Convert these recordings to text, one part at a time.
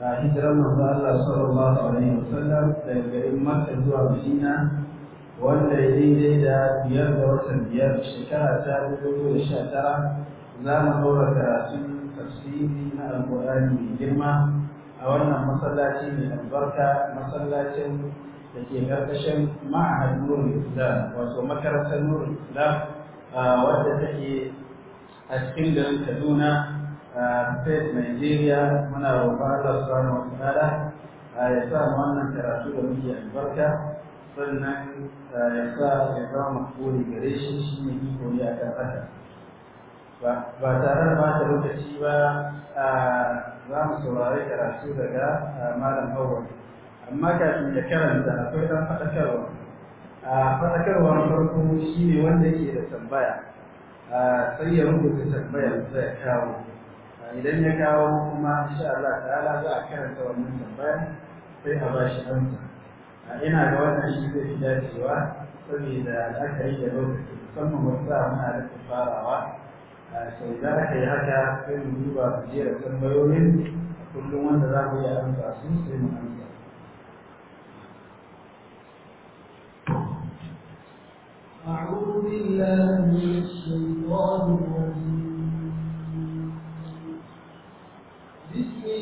a hijirar manzo Allah sallallahu alaihi wasallam daga garin Makka zuwa Madina wanda ya daidai da biyar da watan biyar shekara ta dubu da sha tara za mu ɗora karatun tafsiri na alƙur'ani mai girma a wannan masallaci mai albarka masallacin da ke ƙarƙashin ma'ahad nurul islam wato makarantar nurul islam wadda take a cikin garin kaduna state eh, Nigeria muna roƙon Allah subhanahu wa ta'ala eh, ya sa mu wannan karatu da muke albarka sannan eh, ya sa ya mu makoli gare shi shi ne iko ya a ba tare da bata lokaci ba za mu saurari karatu daga malam Hawwa amma kafin ya karanta akwai ɗan faɗakarwa a faɗakarwa na farko shi ne wanda ke da tambaya sai ya rubuta tambayar da ya kawo idan ya kawo kuma insha Allah ta'ala za a karanta wannan tambaya sai a ba shi amsa ina ga wannan shi zai fi dacewa saboda la'akari da lokaci musamman wasu za muna da farawa sau da aka yi haka sai mu duba su jera tambayoyin kullum wanda za mu iya amsa su sai mu amsa أعوذ بالله من الشيطان الرجيم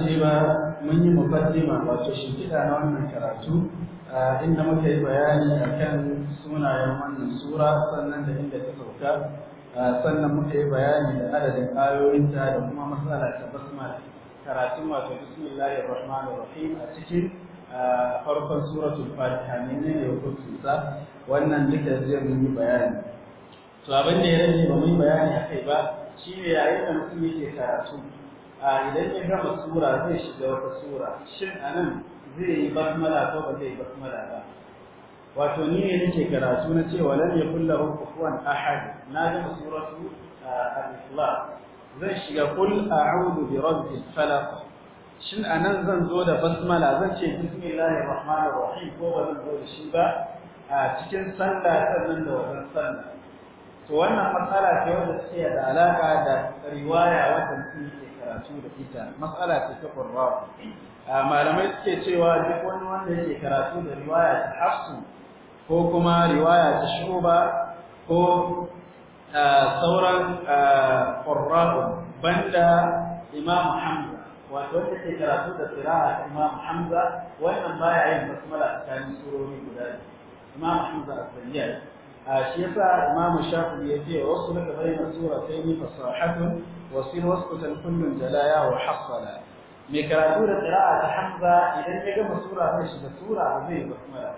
mance ba mun yi mukaddima wato shimfiɗa na wannan karatu inda muka yi bayani akan sunayen wannan sura sannan da inda ta sauka sannan muka yi bayani da adadin ayoyinta da kuma matsala ta basmala karatun wato bismillahir rahmanir rahim a cikin farkon suratul fatiha ne ne ya hukunta wannan duka zai mun yi bayani to abin da ya rage ba mun bayani akai ba shine yayin da mutum yake karatu a idan ya gama sura zai shiga wata sura shin anan zai yi basmala ko ba zai yi basmala ba wato ni ne nake karatu na cewa lan yakul lahu kufuwan ahad na gama suratu al-ikhlas zai shiga kul a'udhu bi rabbil falaq shin anan zan zo da basmala zan ce bismillahir rahmanir rahim ko ba zan zo da shi ba a cikin sallah sannan da wannan sallah to wannan matsala ce wadda take da alaka da riwaya wadda mutum karatu da ita mas'ala ce ta qurra malamai suke cewa duk wani wanda yake karatu da riwaya ta hafsu ko kuma riwaya ta shuba ko sauran qurra'u banda imam hamza wato wanda ke karatu da qira'a imam hamza wannan baya yin basmala tsakanin surori guda imam hamza as-sayyid shi yasa imam ya yace wasu laka bayyana sura sai ni fasahatu wasin wasil wasqutan kullun jalaya wa hasala mai karatu da qira'a ta hamza idan ya gama sura sai shiga sura ba zai basmala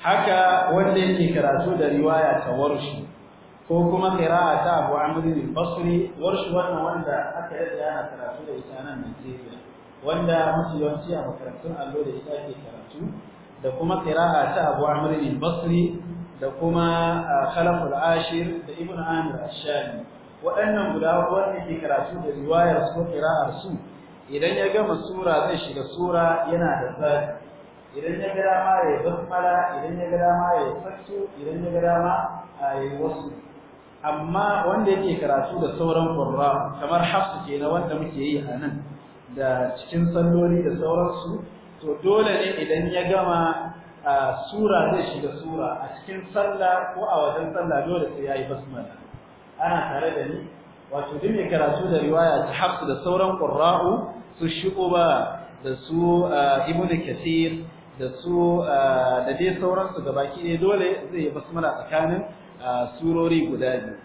haka wanda yake karatu da riwaya ta warshi ko kuma qira'a ta Abu Amr al-Basri warshi wannan wanda aka yi yana karatu da ita nan Najeriya wanda mafi yawanci a makarantun allo da ita ake karatu da kuma qira'a ta Abu Amr al-Basri da kuma Khalaf al-Ashir da Ibn Amir al-Shami waɗannan guda wanda ke karatu da riwayar su kira'ar su idan ya gama sura zai shiga sura yana da zafi idan ya gada ma ya yi basmala idan ya gada ma ya yi idan ya gada ma a yi wasu amma wanda yake karatu da sauran qurra kamar hafsu na wanda muke yi a nan da cikin salloli da sauransu to dole ne idan ya gama sura zai shiga sura a cikin sallah ko a wajen sallah dole sai ya yi basmala ana tare da ni wato duk mai karatu da riwaya ta hafsu da sauran qurra'u su shuba da su da eh, kathir da su eh, da dai sauransu baki ɗaya dole zai yi basmala tsakanin eh, surori guda biyu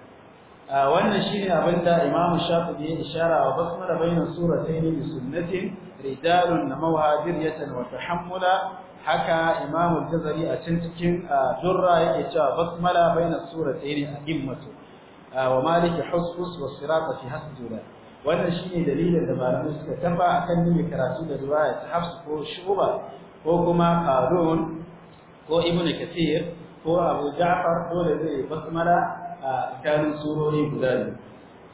wannan shine abinda imamu ne ya ishara wa basmala bainas suratayn bi sunnatin rijalun namawha diryatan wa tahammula haka imamu jazari a cikin durra yake cewa basmala bainas suratayn a immatu wa maliki husus wa sirata fi hasdura wannan shine dalilin da malamai suka tafa akan nimi karatu da riwaya ta Hafs ko Shu'ba ko kuma Qarun ko Ibn Kathir ko Abu Ja'far dole zai basmala a tsakanin surori guda ne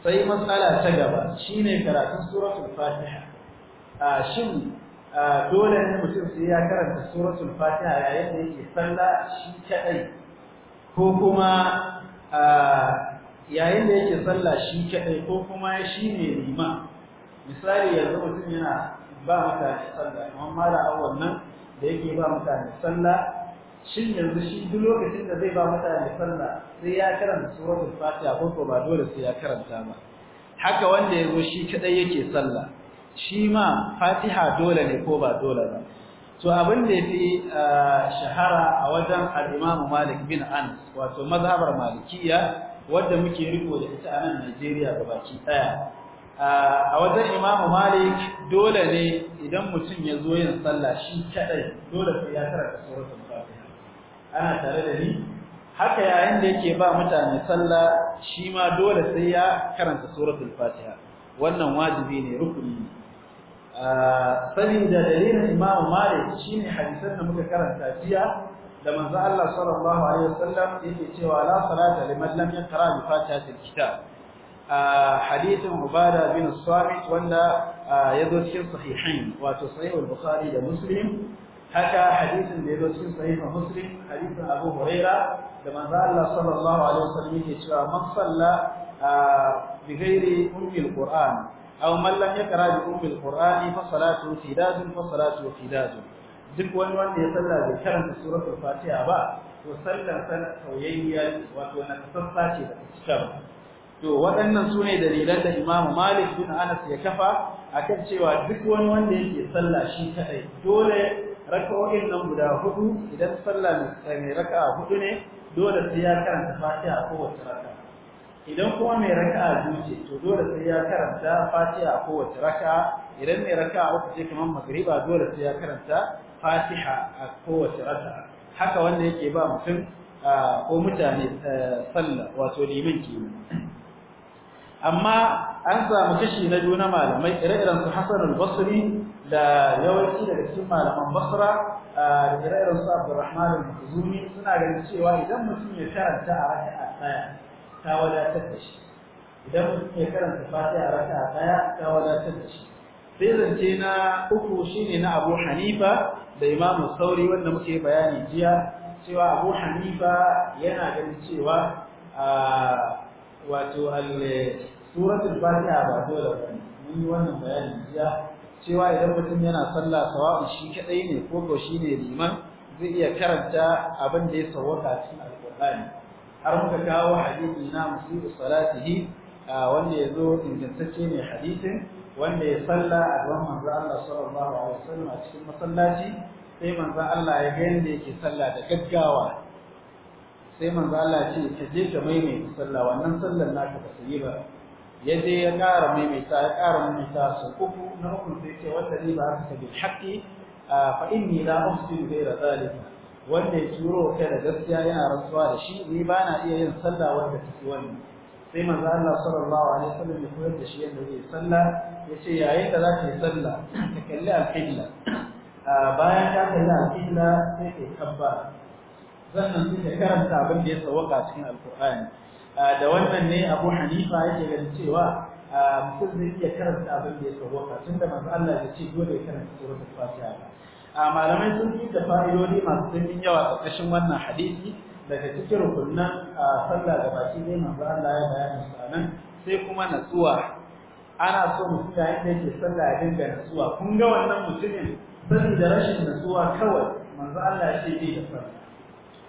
sai matsala ta gaba shine karatun suratul Fatiha a shin dole ne mutum sai ya karanta suratul Fatiha yayin da yake sallah shi kadai ko kuma yayin da yake sallah shi kadai ko kuma shi ne lima misali yanzu mutum yana ba mutane sallah amma mara awon nan da yake ba mutane sallah shin yanzu shi duk lokacin da zai ba mutane sallah sai ya karanta suratul fatiha ko ba dole sai ya karanta ba haka wanda ya yazo shi kadai yake sallah shi ma fatiha dole ne ko ba dole ba to abin da yafi ah, shahara a wajen al-Imam Malik bin Anas wato mazhabar malikiyya wadda muke riko da ita a nan Najeriya baki daya a wajen Imam Malik dole ne idan mutum ya zo yin sallah shi kadai dole sai ya karanta suratul Fatiha ana tare da ni haka yayin da yake ba mutane sallah shi ma dole sai ya karanta suratul Fatiha wannan wajibi ne rukuni ne saboda dalilin Imam Malik shine hadisan da muka karanta jiya da manzo Allah sallallahu alaihi wasallam yake cewa la salata liman lam yaqra bi fatihatil kitab hadithin Ubada bin Samit wanda yazo cikin sahihain wato sahih al-Bukhari da Muslim haka hadithin da yazo cikin sahih Muslim hadithin Abu Huraira da manzo Allah sallallahu alaihi wasallam yake cewa man salla bi ghairi ummi al-Qur'an aw man lam yaqra bi ummi al-Qur'an fa salatu tidadun fa salatu tidadun duk wani wanda ya sallah bai karanta suratul fatiha ba to sallar san sauyayya wato na kasassa ce da ta to waɗannan su ne dalilan da Imam Malik bin Anas ya kafa akan cewa duk wani wanda yake sallah shi kadai dole raka'o'in nan guda hudu idan sallah mai raka'a hudu ne dole sai ya karanta Fatiha kowace raka'a idan kuma mai raka'a biyu ce to dole sai ya karanta fatiha a kowace raka'a idan mai a wata ce kamar magriba dole sai ya karanta fatiha a kowace raka'a haka wanda yake ba mutum ko mutane sallah wato limin kenan amma an samu kashi na juna malamai ire-iren su Hassan al-Basri da yawanci daga cikin malaman Basra da ire-iren su Abdurrahman al suna ganin cewa idan mutum ya karanta a a ɗaya ta wadatar da shi idan mutum ya karanta fatiha raka'a daya ta wadatar da shi sai zance na uku shine na Abu Hanifa da Imam Sauri wanda muke bayani jiya cewa Abu Hanifa yana ganin cewa wato al suratul fatiha ba dole ba wannan bayani jiya cewa idan mutum yana sallah sawa'un shi kadai ne ko ko shine liman zai iya karanta abin da ya sawwaka cikin alqur'ani har muka kawo hadisi na musibu salatihi wanda ya zo ingantacce ne hadisin wanda ya salla a gaban manzo Allah sallallahu alaihi wasallam a cikin masallaci sai manzo Allah ya ga yanda yake salla da gaggawa sai manzo Allah ce ka je ka maimaita wannan sallar naka ba sai ba ya je ya maimaita ya maimaita su uku na uku sai ce wanda ni ba haka bil haqqi fa inni la uhsinu ghayra zalika wanda ya turo kai da gaskiya yana rantsuwa da shi ni ba na iya yin sallah wanda take wani sai manzo Allah sallallahu alaihi wasallam ya koyar da shi yadda zai sallah yace yayin da zaka yi sallah ka kalli al-qibla bayan ka kalli al-qibla sai ka kabba sannan sai ka karanta abin da ya sauka cikin al-Qur'ani da wannan ne Abu Hanifa yake ga cewa mutum zai iya karanta abin da ya sawaka tunda manzo Allah ya ce dole ya karanta suratul Fatiha malamai sun fi da fa'idodi masu dimbin yawa a ƙarshen wannan hadisi daga cikin rukunan a sallah da baki ne manzo Allah ya bayani su nan, sai kuma natsuwa ana so mutum yayin da yake sallah ya dinga natsuwa kun ga wannan mutumin sani da rashin natsuwa kawai manzo Allah ce bai da sallah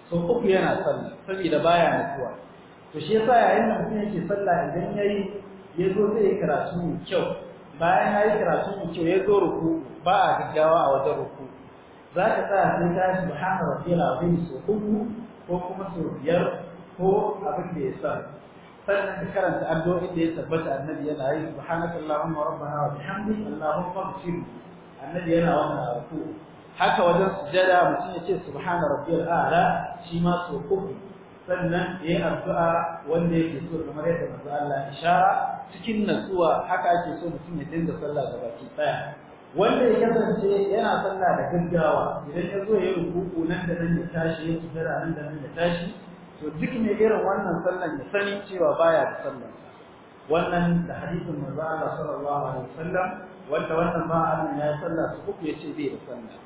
so uku yana sallah saboda baya natsuwa to shi yasa yayin da mutum yake sallah idan ya zo zai yi karatu mai kyau bayan yi karatu mai kyau ya yazo ruku ba a gaggawa a wajen ruku za ka sa sai ta shi muhammad rabbiyal azim so uku ko kuma so biyar ko abin da ya sa sannan ka karanta addu'o'in da ya tabbata annabi yana yi subhanakallahumma rabbana wa bihamdika allahumma ighfir annabi yana wannan arku haka wajen sujada mutum ya ce subhana rabbiyal a'la shi ma so uku sannan ya yi addu'a wanda yake so kamar yadda manzo Allah ishara cikin natsuwa haka ake so mutum ya dinga sallah gabaki daya wanda ya kasance yana sallah da gaggawa idan ya zo ya rukuku nan da nan ya tashi ya tsira nan da nan ya tashi to duk ne irin wannan sallan ya sani cewa baya da sallan wannan da hadisin manzo Allah sallallahu alaihi wasallam wanda wannan ba Allah ya sallah su uku ya ce bai da sallah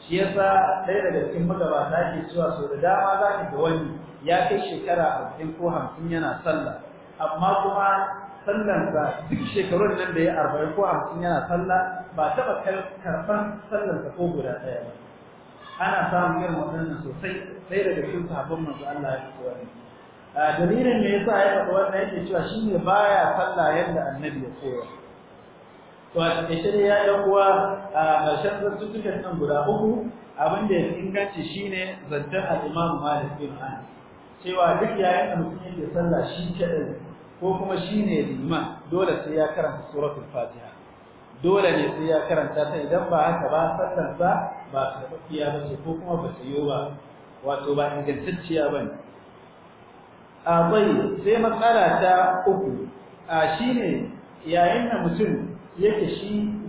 shi yasa ɗaya daga cikin magabata ke cewa so da dama za ka ga wani ya kai shekara 40 ko 50 yana sallah amma kuma sallan sa duk shekarun nan da ya arba'in ko 50 yana sallah ba taɓa karɓar sallar ta ko guda ɗaya ba ana samun yan waɗannan sosai sai daga cikin sabon manzo Allah ya fito wani dalilin me yasa ya faɗa wannan yake cewa shine baya sallah yadda annabi ya koya to a takaice ya ɗan uwa a ƙarshen nan guda uku abinda da ya inganci shine zantar al-Imam Malik bin Anas cewa duk yayin da mutum yake sallah shi kaɗai ko kuma shine liman dole sai ya karanta suratul Fatiha dole ne sai ya karanta ta idan ba haka ba sassan sa ba karɓaɓɓiya ba ce ko kuma ba ta yi ba wato ba ingantacciya ba ne a sai matsala ta uku a shi ne yayin da mutum yake shi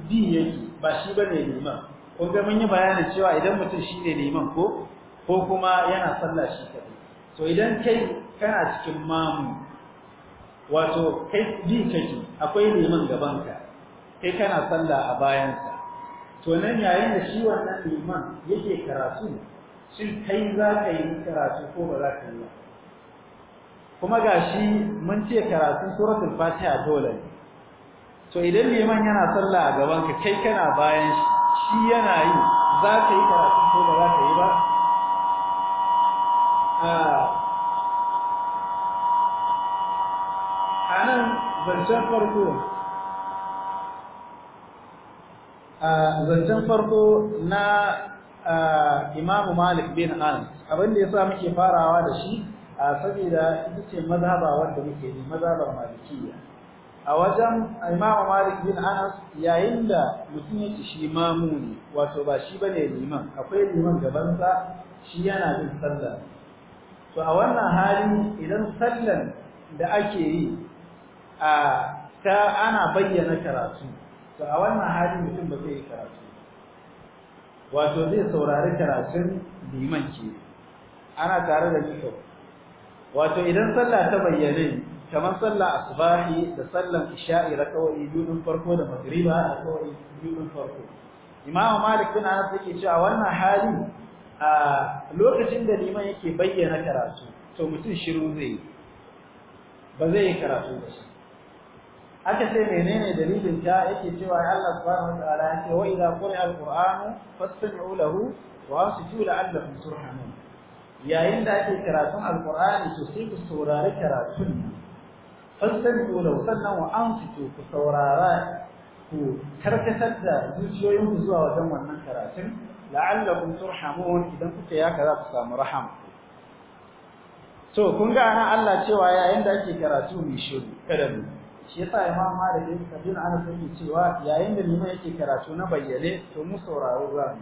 bi yake ba shi ba ne neman kun ga mun yi bayanin cewa idan mutum shi ne neman ko ko kuma yana sallah shi kaɗai to idan kai kana cikin mamu wato kai bi kake akwai gaban gabanka kai kana sallah a bayansa to nan yayin da shi wannan liman yake karatu shin kai za ka yi karatu ko ba za ka yi ba kuma gashi mun ce karatu suratul fatiha dole ne to idan liman yana sallah a gaban ka kai kana bayan shi shi yana yi za ka yi karatu ko ba za ka yi ba a nan zancen farko zancen farko na imamu malik bin anas abin da sa muke farawa da shi saboda ita ce mazhaba wanda muke ne mazhabar malikiya a wajen imamu malik bin anas yayin da mutum yake shi mamu ne wato ba shi bane liman akwai liman gabansa shi yana bin sallah to a wannan hali idan sallan da ake yi a ta ana bayyana karatu to a wannan hali mutum ba zai yi karatu wato zai saurari karatun liman ke ana tare da ni wato idan sallah ta bayyane kamar sallah asbahi da sallan isha'i kawai biyun farko da magriba kawai biyun farko imam malik bin anas yake cewa wannan hali a lokacin da liman yake bayyana karatu to mutum shiru zai ba zai karatu ba aka ce menene dalilin ta yake cewa Allah subhanahu wataala ya ce wa idza quri'a alqur'anu fastami'u lahu wa ansitu la'allakum turhamun yayin da ake karatun alqur'ani to sai ku saurari karatun fastami'u lahu sannan wa ansitu ku saurara ku karkatar da zuciyoyinku zuwa wajen wannan karatun la'allakum turhamun idan kuka ya za ku samu rahama to kun ga ana Allah cewa yayin da ake karatu mai shiru kada mu shi yasa imam malik ana anas yake cewa yayin da liman yake karatu na bayyane to mu sauraro za mu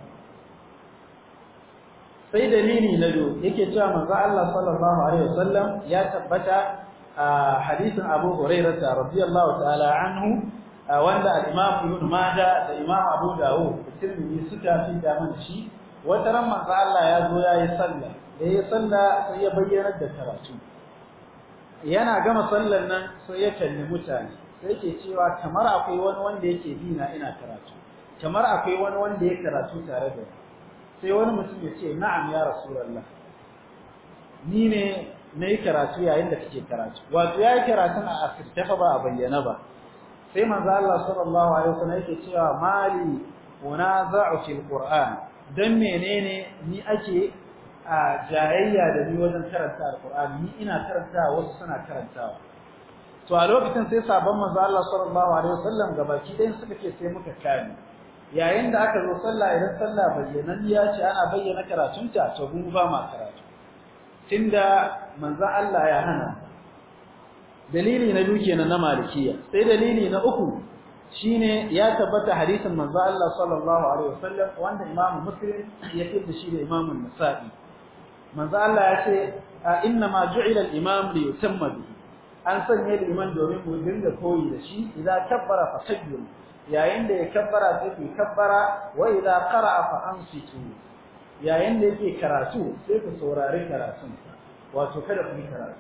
sai dalili na do yake cewa manzo Allah sallallahu alaihi wasallam ya tabbata a hadisin Abu Hurairah radhiyallahu ta'ala anhu wanda al-Imam Ibn Majah da Imam Abu Dawud da su suka fi da man shi wata ran manzo Allah ya zo yayi sallah da yayi sallah sai ya bayyana da karatu yana gama sallar nan sai ya kalli mutane sai ke cewa kamar akwai wani wanda yake bi na ina karatu kamar akwai wani wanda ya karatu tare da sai wani mutum ya ce na'am ya rasulullah ni ne nayi karatu yayin da kake karatu wato yayi karatun a asirta fa ba a bayyana ba sai manzo Allah sallallahu alaihi wasallam yake cewa mali za'u fil qur'an dan menene ni ake a jayayya da ni wajen karanta alqur'ani ni ina karanta wasu suna karantawa to a lokacin sai sabon manzo Allah sallallahu alaihi wasallam gabaki ɗayan suka ce sai muka kame yayin da aka zo sallah idan sallah ya ce ana bayyana karatunta to mun ba ma karatu tunda manzo Allah ya hana dalili na biyu kenan na malikiya sai dalili na uku shine ya tabbata hadisin manzo Allah sallallahu alaihi wasallam wanda imamu muslim ya fitar da shi da imamu nasa'i manzo Allah ya ce inna ma ju'ila al-imam li yutamma bihi an sanya liman domin mu dinga koyi da shi idan kabbara fa sajdu yayin da ya kabbara sai ku kabbara wa idan qara'a fa ansitu yayin da yake karatu sai ku saurari karatun wato kada ku yi karatu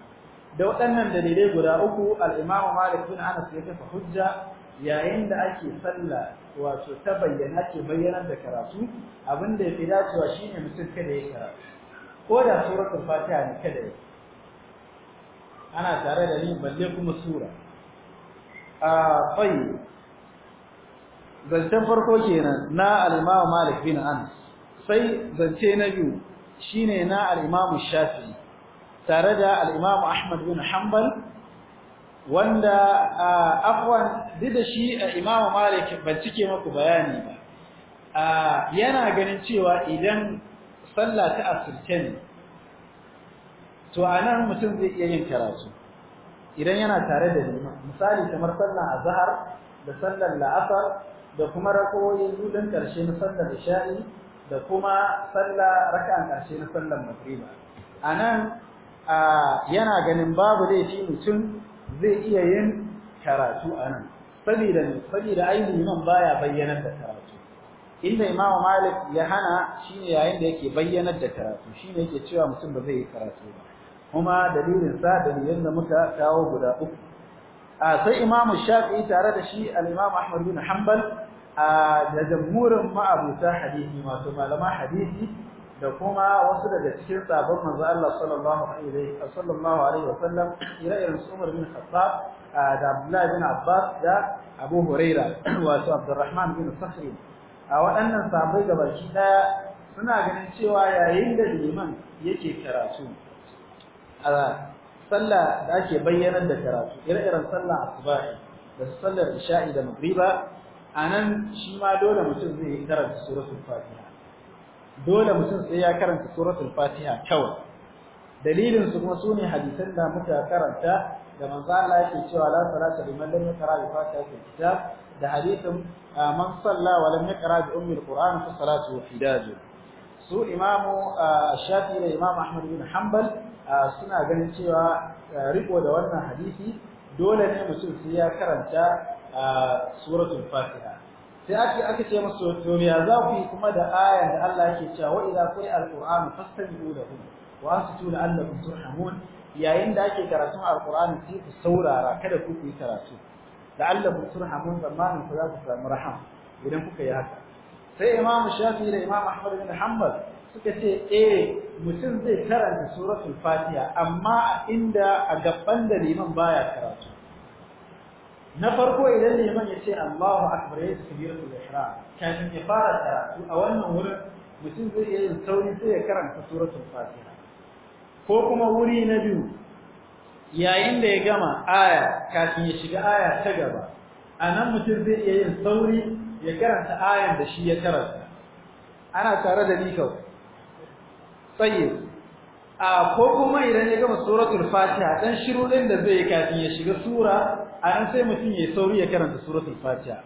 da waɗannan dalilai guda uku al-Imam Malik bin Anas ya kafa hujja yayin da ake sallah wato ta bayyana ce bayyanar da karatu abinda ya fi dacewa shine mutum kada ya karatu ko da suratul fatiha ne kada yi ana tare da ni balle kuma sura a tsayi zancen farko kenan na al imamu malik bin anas sai zance na biyu shine na al imamu Shafi. tare da al imamu ahmad bin hanbal wanda afwan duk da shi imamu malik ban cike muku bayani ba yana ganin cewa idan sallah ta asirken ne to nan mutum zai iya yin karatu idan yana tare da liman misali kamar sallar zahar da sallar la'asar da kuma rakoyin dudun karshe na sallar isha'i da kuma sallar raka'an ƙarshe na sallar magriba nan yana ganin babu laifi mutum zai iya yin karatu anan nan saboda ainihin liman baya bayyanar da karatu inda imamu malik ya hana shine yayin da yake bayyanar da karatu shine yake cewa mutum ba zai yi karatu ba kuma dalilinsa sa dalilin da muka kawo guda uku a sai imamu shafi'i tare da shi al-imamu ahmad bin hanbal a da jamhurin ma'abuta hadisi masu malama hadisi da kuma wasu daga cikin sabon manzo Allah sallallahu alaihi wa Sallam, wasallam ire su Umar bin Khattab da Abdullah bin Abbas da Abu Huraira wato Abdurrahman bin Sakhri a waɗannan sahabbai gabaki ɗaya suna ganin cewa yayin da liman yake karatu a sallah da ake bayyanar da karatu ire-iren sallah tsibari da sallar isha'i da magriba nan shi ma dole mutum zai yi karanta suratul fatiha dole mutum sai ya karanta suratul fatiha kawai dalilin su kuma sune hadisan da muka karanta da manzo Allah yake cewa la salata liman lam yaqra bi fatihatil kitab da hadisin ah, man salla wa lam yaqra bi ummi alquran fa salatu hidaj su imamu ah, shafi da imamu ahmad bin hanbal ah, suna ganin cewa riko da wannan hadisi dole ne mutum sai ya karanta suratul fatiha sai ake aka ce masa to ya za ku yi kuma da ayan da Allah yake cewa wa idza quri alquran fastami'u lahu wa ansitu la'allakum turhamun yayin da ake karatun alquran sai ku saurara kada ku yi karatu la'allakum turhamun zamanin ku za ku samu rahama idan kuka yi haka sai Imam shafi da Imam ahmad bin hanbal suka ce eh mutum zai karanta suratul fatiha amma a inda a gaban da liman baya karatu na farko idan liman ya ce Allahu akbar ya takbiratul ihram kafin ya fara karatu a wannan wurin mutum zai iya yin sauri sai ya karanta suratul fatiha ko kuma wuri na biyu yayin da ya gama aya kafin ya shiga aya ta gaba anan mutum zai iya yin sauri ya karanta ayan da shi ya karanta ana tare da ni kawai tsaye a ko kuma idan ya gama suratul fatiha dan shiru din da zai kafin ya shiga sura anan sai mutum ya sauri ya karanta suratul fatiha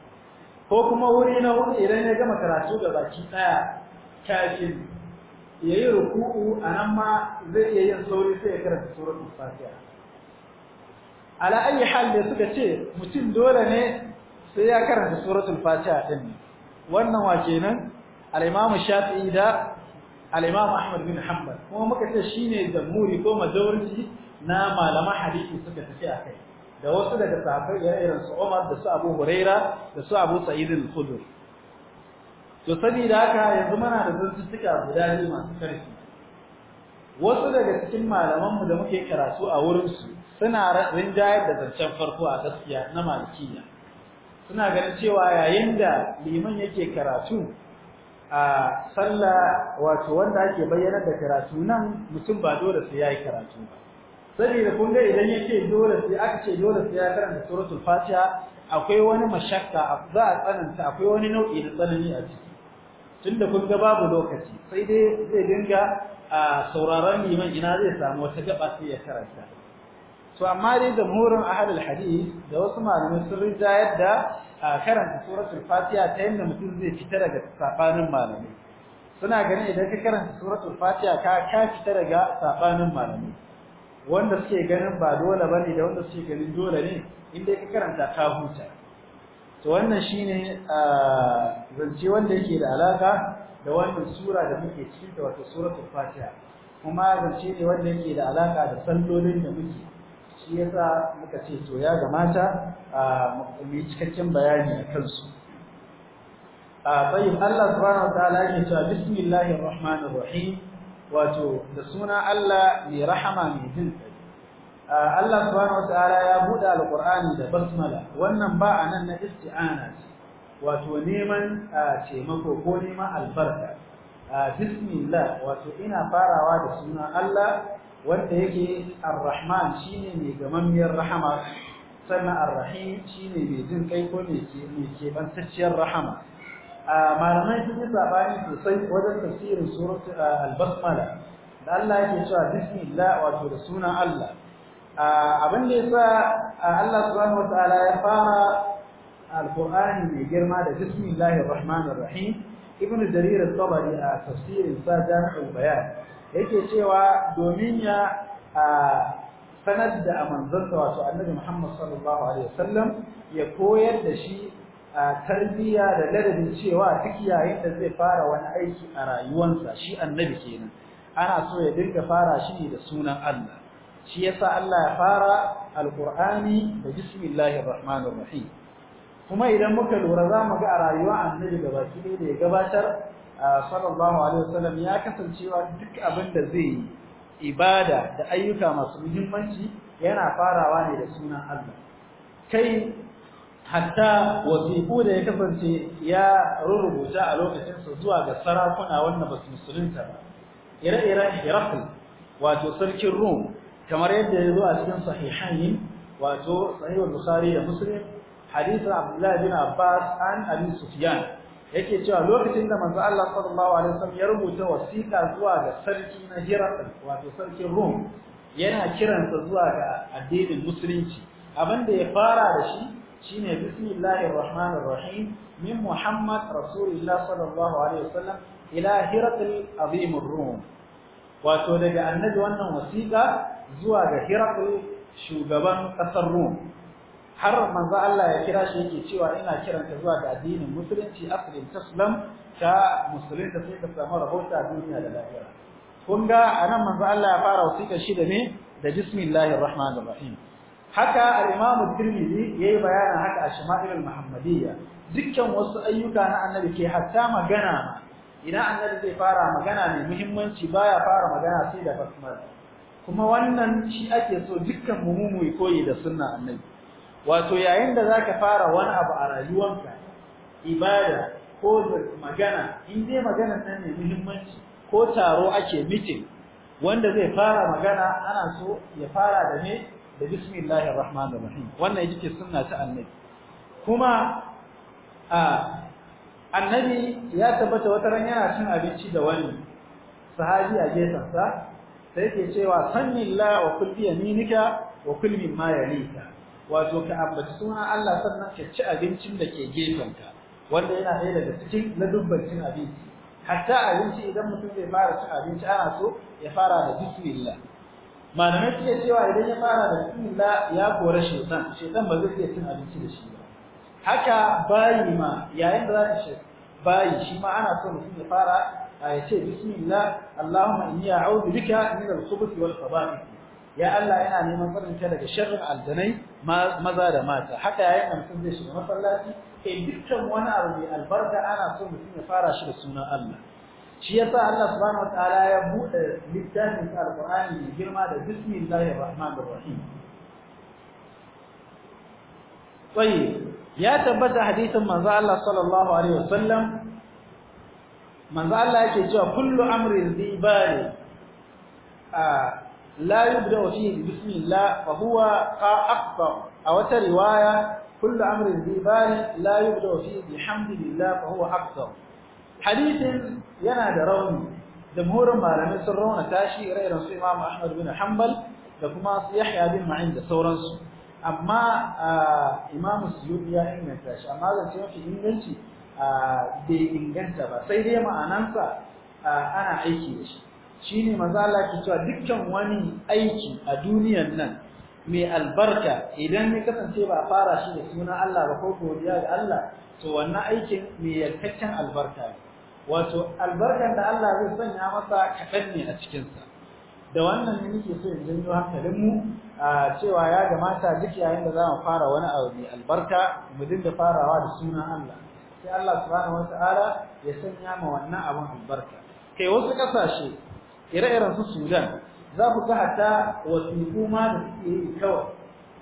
ko kuma wuri na wuri idan ya gama karatu da baki daya kafin yi ruku'u anan ma zai iya yin sauri sai ya karanta suratul fatiha ala ayi hal ne suka ce mutum dole ne sai ya karanta suratul fatiha din wannan wa kenan al-imam shafi'i da al-imam ahmad bin hanbal kuma muka ce shine jamhuri ko majority na malaman hadisi suka tafi akai da wasu daga sahabbai irin su Umar da su Abu Huraira da su Abu Sa'id al-Khudri to saboda haka yanzu muna da zantuttuka guda ne masu karfi wasu daga cikin malaman mu da muke karatu a wurin su suna rinjayar da zancen farko a gaskiya na malikiya suna ganin cewa yayin da liman yake karatu a sallah wato wanda ake bayyanar da karatu nan mutum ba dole sai yi karatu ba saboda kun ga idan yake dole sai aka ce dole sai ya karanta suratul fatiha akwai wani mashakka za a tsananta akwai wani nau'i na tsanani a ciki tunda kun ga babu lokaci sai dai zai dinga a sauraron liman ina zai samu wata gaba sai ya karanta to amma dai jamhurin ahlul hadith da wasu malamai sun yadda da karanta suratul fatiha ta yanda mutum zai fita daga sabanin malamai suna ganin idan ka karanta suratul fatiha ka ka fita daga sabanin malamai wanda suke ganin ba dole bane da wanda suke ganin dole ne inda ka karanta ka huta to wannan shine zance wanda yake da alaka da wannan sura da muke cikin ta wato suratul fatiha kuma zance ne wanda yake da alaka da sallolin da muke shi yasa muka ce to ya gamata mu yi cikakken bayani a kansu tayyib Allah subhanahu wa ta'ala ya cewa bismillahir rahmanir rahim wato da suna Allah mai rahama mai jin tsari!" Allah subhanahu wa ta'ala ya bude alqur'ani da basmala wannan ba anan na isti'ana wato neman taimako ko neman albarka bismillah wato ina farawa da suna Allah wanda yake ar-rahman shine mai gamammiyar rahama sannan ar-rahim shine mai jin kai ko mai ke mai ke bantacciyar rahama malamai sun yi sabani sosai wajen tafsirin surat al-basmala da Allah yake cewa bismillah wato da sunan Allah abin da yasa Allah subhanahu wataala ya fara al mai girma da bismillahir rahmanir rahim ibnu jarir al-tabari a tafsirin sa jami'ul bayan yake cewa domin ya sanar da manzansa wato annabi Muhammad sallallahu alaihi wasallam ya koyar da shi a tarbiyya da ladabin cewa duk yayin da zai fara wani aiki a rayuwansa shi annabi kenan ana so ya dinga fara shi da sunan Allah shi yasa Allah ya fara alqur'ani da bismillahir rahmanir rahim kuma idan muka lura za mu ga a rayuwa annabi gabaki ɗaya da ya gabatar sallallahu alaihi wasallam ya kasancewa duk abin da zai yi ibada da ayyuka masu muhimmanci yana farawa ne da sunan Allah kai hatta wasiƙu da ya kasance ya rurubuta a lokacinsa zuwa ga sarakuna wanda ba su musulunta ba ire-iren Herakl wato sarkin Rum kamar yadda ya zo a cikin sahihain wato sahih Bukhari da Muslim hadisin Abdullah bin Abbas an Abi Sufyan yake cewa lokacin da manzo Allah sallallahu alaihi wasallam ya rubuta wasiƙa zuwa ga sarki na Hira wato sarkin Rum yana kiransa zuwa ga addinin musulunci abinda ya fara da shi shine bismillahir rahmanir rahim min Muhammad rasulullah sallallahu alaihi wasallam ila Hiratul azimur Rum wato daga annabi wannan wasiƙa zuwa ga Hiratul shugaban ƙasar Rum har manzo Allah ya kira shi yake cewa ina kiranta zuwa ga addinin musulunci aslim taslam ta musulunta da suka samu rahota duniya da lahira kun ga anan manzo Allah ya fara wasiƙa shi da me da bismillahir rahmanir rahim haka al-imam at-tirmidhi yayi bayanin haka a shama'il al-muhammadiyya dukkan wasu ayyuka na annabi ke hatta magana ma Ina annabi zai fara magana mai muhimmanci baya fara magana sai da basmala kuma wannan shi ake so dukkan mu mu koyi da sunna annabi wato yayin da zaka fara wani abu a rayuwanka ibada ko magana in dai magana nan ne muhimmanci ko taro ake meeting wanda zai fara magana ana so ya fara da me da bismillahir rahmanir rahim wannan yake sunna ta annabi kuma a annabi ya tabbata wata ran yana cin abinci da wani sahabi a gefen sa sai yake cewa sannillahi wa kulli yaminika wa kulli ma yalika wato ka ambaci sunan Allah sannan ka ci abincin da ke gefenka wanda yana ɗaya daga cikin na cin abinci hatta abinci idan mutum zai fara cin abinci ana so ya fara da bismillah malamai suke cewa idan ya fara da bismillah ya kore shaitan shaitan ba zai iya cin abinci da shi ba haka bayi ma yayin da za ka bayi shi ma ana so mutum ya fara ya ce bismillah allahumma inni a'udhu bika min al-khubuthi wal khaba'ith ya Allah ina neman tsarin ka daga sharrin aljanai maza da mata haka yayin da mutum zai shiga masallaci eh dukkan wani abu mai albarka ana so mutum ya fara shi da sunan Allah shi yasa Allah subhanahu wataala ya bude littafin alqur'ani mai girma da bismillahir rahmanir rahim tayyib ya tabbata hadisin manzo Allah sallallahu alaihi wasallam manzo Allah yake cewa kullu amrin dibari a la yubda fihi bismillah fa huwa aqta a wata riwaya kullu amrin bari la yubda fihi bihamdillah fa huwa aqta hadithin yana da rauni jamhurin malamai sun rauna tashi irin su Imam Ahmad bin Hanbal da kuma su Yahya bin Ma'in da sauransu amma Imam Suyuti ya inganta shi amma zan ce mafi inganci bai inganta ba sai dai ma'anansa ana aiki da shi shine manzo Allah ke cewa dukkan wani aiki a duniyan nan mai albarka idan ya kasance ba a fara shi da suna Allah ba ko godiya ga Allah to wannan aikin mai yalkaccen albarka ne wato albarkan da Allah zai sanya masa kaɗan ne a cikinsa da wannan ne muke so in janyo hankalin mu cewa ya gamata duk yayin da za mu fara wani abu mai albarka mu dinga farawa da suna Allah sai Allah subhanahu wataala ya sanya ma wannan abun albarka kai wasu ƙasashe ire-iren su Sudan za ku ga hata wasiƙu ma da suke yi kawai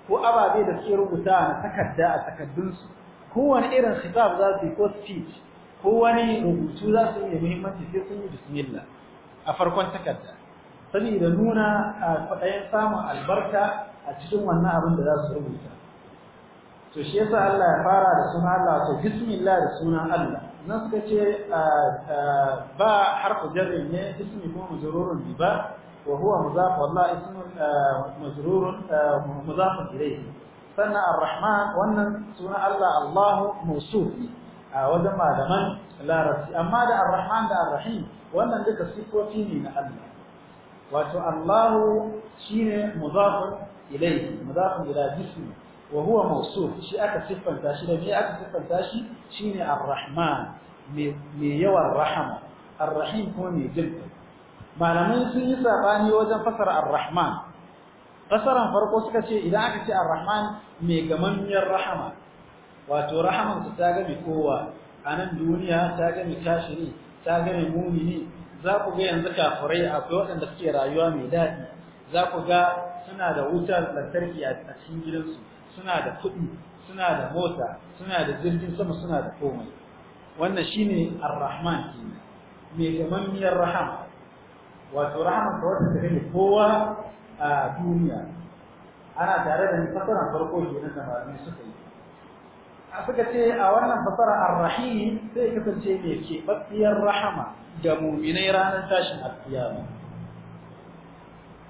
ko ababe da suke rubuta na takarda a takaddunsu kowane irin khitab za su yi ko speech ko wani rubutu za su yi da muhimmanci sai sun yi bismillah a farkon takarda saboda nuna kwaɗayin samun albarka a cikin wannan abin da za su rubuta to shi yasa Allah ya fara da sunan Allah to bismillah da sunan Allah nan suka ce ba harfu jarri ne ismi ko mazrurun bi ba wa huwa mudaf wallahi ismu mazrurun mudaf ilayhi sannan ar-rahman wannan suna Allah Allahu mawsuf a wajen malaman larabci amma da ar-rahman da ar-rahim wannan duka sifofi ne na Allah wato Allahu shine mudaf ilayhi mudaf ila jismi wa huwa mawsuf shi aka siffanta shi da me aka siffanta shi shine ar-rahman mai yawan rahama ar-rahim kuma mai jin malamai sun yi sabani wajen fasara ar-rahman fasaran farko suka ce idan aka ce ar-rahman gaman miyar rahama wato rahaman ta gami kowa a nan duniya ta ga kashiri ta ga mumini za ku ga yanzu kafurai akwai waɗanda suke rayuwa mai daɗi za ku ga suna da wutar lantarki a cikin gidansu suna da kuɗi suna da mota suna da jirgin sama suna da komai wannan shine ar-rahman kenan mai gamammiyar rahama wato rahama ta wata ta gani kowa a duniya ana tare da ni fasara farko kenan da malamai suka yi suka ce a wannan fasara ar-rahim zai kasance mai keɓaɓɓiyar rahama ga muminai ranar tashin alkiyama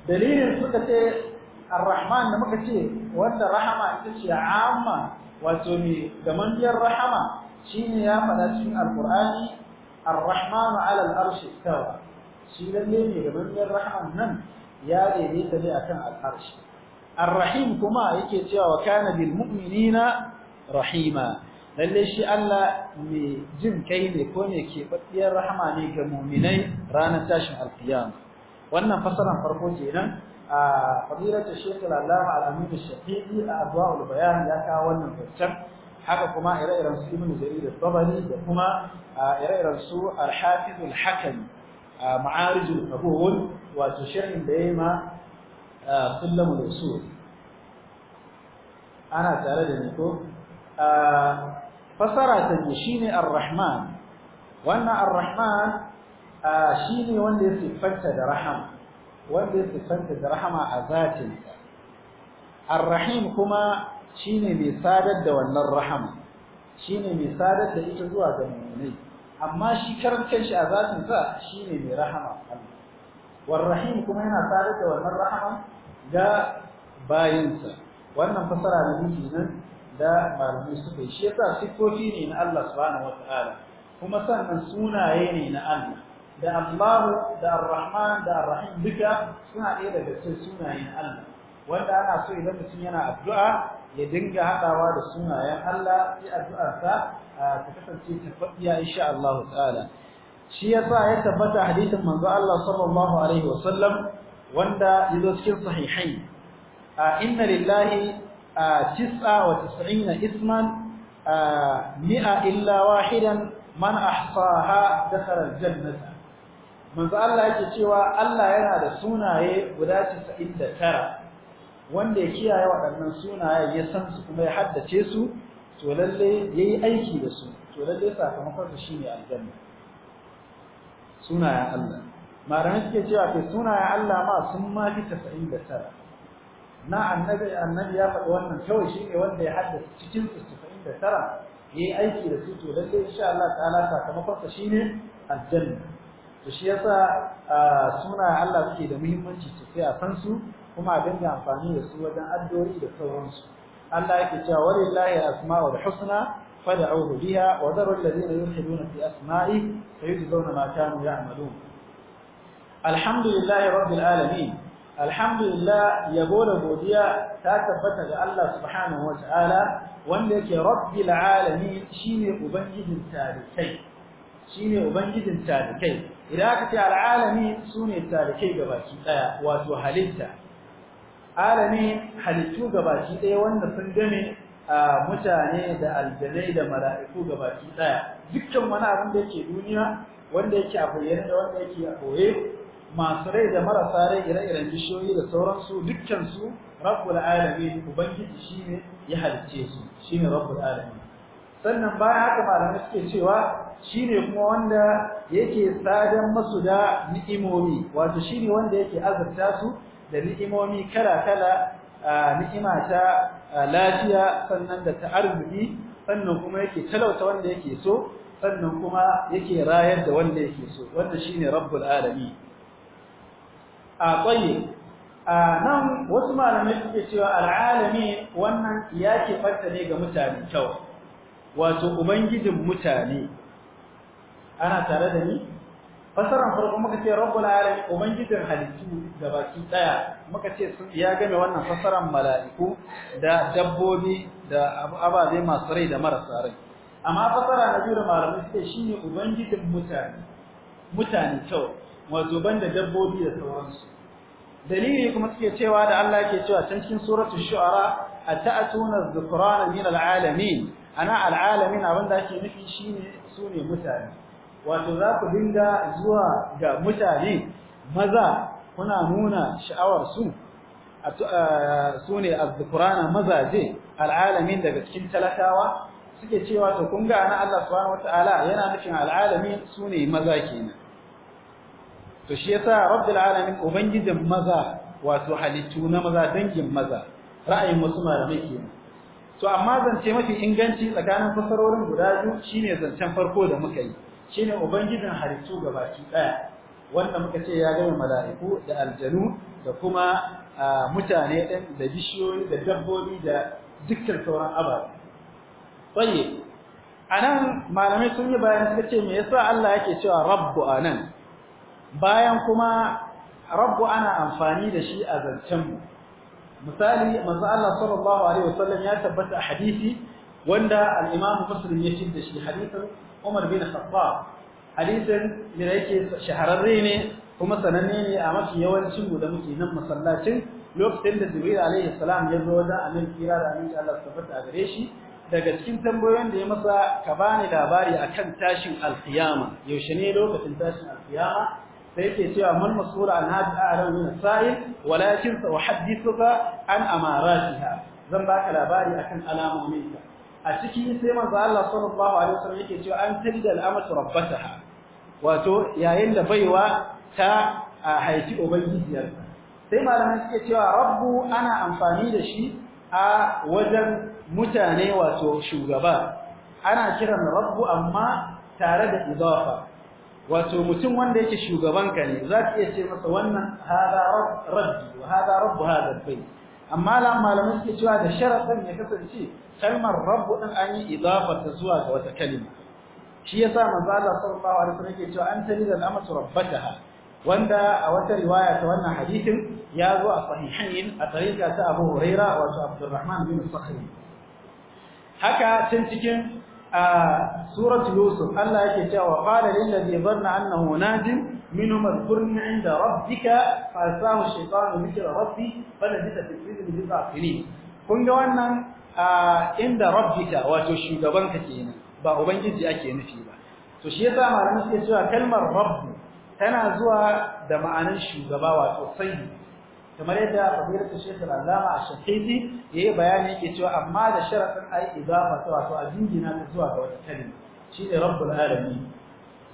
dalilin suka ce ar-rahman da muka ce wanda rahama ita ce amma wato ne gamanniyar rahama shine ya faɗa cikin alqur'ani ar-rahman 'ala al-arsh istawa shi lalle ne gamanniyar rahaman nan ya ta ne akan al-arsh ar-rahim kuma yake cewa wa kana bil mu'minina rahima lalle shi Allah mai jin kai ne ko ne ke baddiyar rahama ne ga mu'minai ranar tashin alqiyama wannan fasaran farko kenan a fadilatu shaykh al-allama al-amin al-shafi'i a adwa'ul bayan ya kawo wannan zancen haka kuma ire-iren su ibn jarir al-tabari da kuma ire-iren su al-hafiz al-hakami ma'arij al-qabul wato sharhin da yayi ma sallamul usul ana tare da ni ko fasara ta shine ar-rahman wannan ar-rahman shi ne wanda ya siffanta da rahama wanda ya siffanta da rahama a zatinsa arrahim kuma shi ne mai sadar da wannan rahama shi ne mai sadar da ita zuwa ga mummunai amma shi karan kanshi a zatinsa shi ne mai rahama warrahim kuma yana sadar da wannan rahama ga bayinsa wannan fasara da muke nan da malamai suka yi shi yasa siffofi ne na Allah subhanahu wataala kuma sannan sunaye ne na Allah da Allahu da Ar-Rahman da Ar-Rahim duka suna ɗaya daga cikin sunayen Allah wanda ana so idan mutum yana addu'a ya dinga haɗawa da sunayen Allah sai addu'arsa ta kasance tabbiya insha Allah ta'ala shi yasa ya tabbata hadisin manzo Allah sallallahu alaihi wasallam wanda yazo cikin sahihai inna lillahi tis'a wa tis'ina isman mi'a illa wahidan man ahsaha dakhala al manzo Allah yake cewa Allah yana da sunaye guda 99 wanda ya kiyaye waɗannan sunaye ya san su kuma ya haddace su to lalle yayi aiki da su to lalle sakamakon su shine aljanna sunayen Allah malamai suke cewa kai sunayen Allah ma sun ma fi 99 na annabi annabi ya faɗi wannan kawai shine wanda ya haddace cikin su 99 yayi aiki da su to lalle insha Allah ta'ala sakamakon sa shine aljanna to shi yasa suna Allah suke da muhimmanci sosai a san su kuma a dinga amfani da su wajen addu'o'i da sauransu Allah yake cewa walillahi asma'ul husna fad'uhu biha wa dharu alladhina yulhiduna fi asma'i sayujzauna ma kanu ya'malun alhamdulillahi rabbil alamin alhamdulillah yabo da godiya ta tabbata ga Allah subhanahu Ta'ala, wanda yake rabbil alamin shine ubangijin talikai shine ubangijin talikai idan aka ce al'alami sune talikai gabaki ɗaya, wato halitta alami halittu gabaki ɗaya wanda sun a mutane da aljanai da mala'iku gabaki ɗaya. dukkan wani abin da yake duniya wanda yake a bayyane da wanda yake a koye masu rai da marasa rai ire-iren bishiyoyi da sauransu dukkan su rabbul alami ubangiji shine ya halicce su shine rabbul alami. sannan bayan haka malamai suke cewa shine kuma wanda yake sadan masu da ni'imomi wato shine wanda yake azurta su da ni'imomi kala-kala ni'ima ta lafiya sannan da ta arziki sannan kuma yake talauta wanda yake so sannan kuma yake rayar da wanda yake so wanda shine rabbul alami a tsaye a nan wasu malamai suke cewa al'alami wannan ya ke farta ne ga mutane kyau, wato ubangijin mutane ana tare da ni fasaran farko muka ce rabbul alamin ubangijin halittu da baki daya muka ce sun ya game wannan fasaran mala'iku da dabbobi da ababe masu rai da marasa rai amma fasara na biyu da malamai suke shine ubangijin mutane mutane kawai wato banda dabbobi da sauransu dalili kuma suke cewa da Allah yake cewa can cikin suratul shu'ara ata'atuna az min al-alamin ana al-alamin abinda ake nufi shine sune mutane wato za ku dinga zuwa ga mutane maza kuna nuna sha'awarsu su su ne azzukurana mazaje al'alamin daga cikin talakawa suke cewa to kun ga ana Allah subhanahu wataala yana nufin al'alamin su ne maza kenan to shi yasa rabbul alamin ubangijin maza wato halittu na maza dangin maza ra'ayin wasu malamai kenan to amma zance mafi inganci tsakanin fasarorin guda biyu shine zancen farko da muka yi shine ubangijin halittu baki daya wanda muka ce ya gama mala'iku da aljanu da kuma mutane ɗin da bishiyoyi da dabbobi da dukkan sauran abari. tsaye anan malamai sun yi bayan suka ce me yasa Allah yake cewa rabbu nan bayan kuma rabbu ana amfani da shi a zancen mu misali masu Allah sallallahu alaihi wasallam ya tabbata a hadisi wanda al’imamu Musulun ya cin da shi hadisin Umar bin Khattab hadisin da yake shahararre ne kuma sananne ne a mafi yawancin mu da muke nan masallacin lokacin da Jibril alaihi salam ya zo wajen Annabi kira da Annabi Allah subhanahu a gare shi daga cikin tambayoyin da ya masa ka bani labari akan tashin alkiyama yaushe ne lokacin tashin alkiyama sai yake cewa man masura an hadi a'lam min sa'il walakin sa uhaddithuka an amaratiha zan baka labari akan alamominta a ciki sai manzo Allah sallallahu alaihi wasallam yake cewa an tajida al'amatu rabbataha wato yayin da baiwa ta haifi ubangijiyarta sai malaman suke cewa rabbu ana amfani da shi a wajen mutane wato shugaba ana kiran rabbu amma tare da idafa wato mutum wanda yake shugabanka ne za ka iya ce masa wannan hada rabbi wa hada rabbu hada bai amma malamai suke cewa da sharafin ya kasance kalmar rabbu din an yi idafarta zuwa ga wata kalima shi yasa manzo Allah sallallahu alaihi wasallam yake cewa an talida al rabbataha wanda a wata riwaya ta wannan hadisin ya zo a sahihain a tarika ta Abu Huraira wato Abdurrahman bin Sakhri haka tun cikin a ah, suratul Yusuf Allah yake cewa qala lil ladhi dhanna annahu najim منهم اذكرني عند ربك فألقاه الشيطان ذكر ربي فلبث في السجن بضع سنين kun ga wannan inda rabbika wato shugabanka kenan ba ubangiji ake nufi ba to shi yasa malamin suke cewa kalmar rabb tana zuwa da ma'anar shugaba wato sayyid kamar yadda fadilatu shaykh al-allama ash-shafi'i yayi bayani yake cewa amma da sharadin ai idafa wato a dingina ta zuwa ga wata kalma shine rabbul alamin